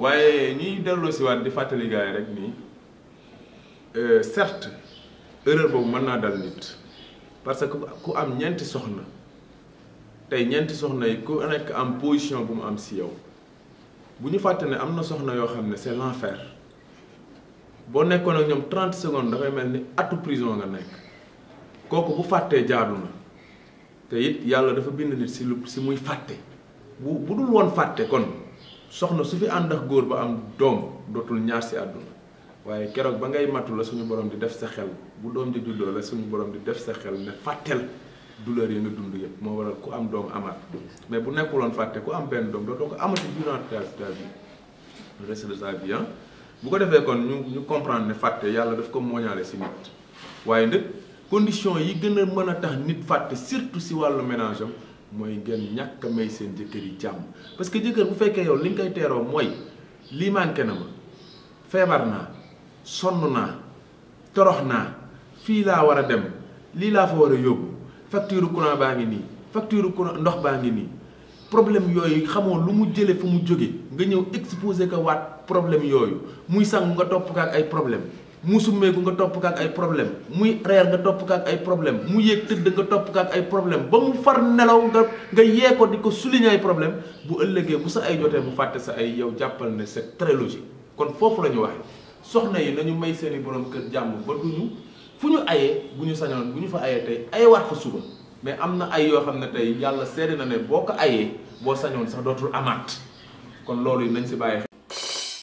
waaye ñuy delloosiwaat di fàttali gaa yi rek nii euh, certes erreur boobu mën naa dal nit parce que ku am ñeenti soxna tey ñeenti soxna yi ku nekk am position bu mu am si yow bu ñu fàtte ne am na soxna yoo xam ne c'est l'enfer boo nekkoon ak ñoom 30 secondes dafay mel ni atu prison nga nekk kooku bu fàttee jaadu na te yàlla dafa bind nit si lu si muy fàtte bu bu dul woon fàtte kon. soxna su fi ànd ak góor ba am doom dootul ñaar si àdduna waaye keroog ba ngay matul la suñu borom di def sa xel bu doom ji juddoo la suñu borom di def sa xel ne fàtteel douleur yi nga dund yëpp moo waral ku am doom amaat mais bu nekkuloon fàtte ku am benn doom dootoo ko amati durant ta ta vie reste de sa vie bu ko defee kon ñu ñu comprendre ne fàtte yàlla daf ko mooñaale si nit waaye nag condition yi gën a mën a tax nit fàtte surtout si wàllu ménage moy ngeen ñak may seen jëkkër yi jamm parce que jëkkër bu fekke yow li nga koy teeroo mooy lii manqué na ma fébar na sonu na torox na fi la wara dem li la fa wara yobbu facture courant baa ngi nii facture ndox baangi ni problème yoy xamoo lu mu jëlé fu mu joggé nga ñëw exposer ka waat problème yoy muy sang nga top ka ak ay problème mu summeeku nga topp kaak ay problème muy reer nga topp kaak ay problème mu yéeg tëdd nga topp kaak ay problème ba mu far nelaw nga nga yee ko di ko souligner ay problème bu ëllëgee bu sa ay jotee bu fàtte sa ay yow jàppal ne c'est très logique kon foofu la ñu waxee soxna yi nañu may seen i borom kër jàmm ba duñu fu ñu ayee bu ñu sañoon bu ñu fa ayee tey ayewaat fa suba mais am na ay yoo xam ne tey yàlla seede na ne boo ko ayee boo sañoon sax dootul amaat kon loolu yi nañ si bàyyi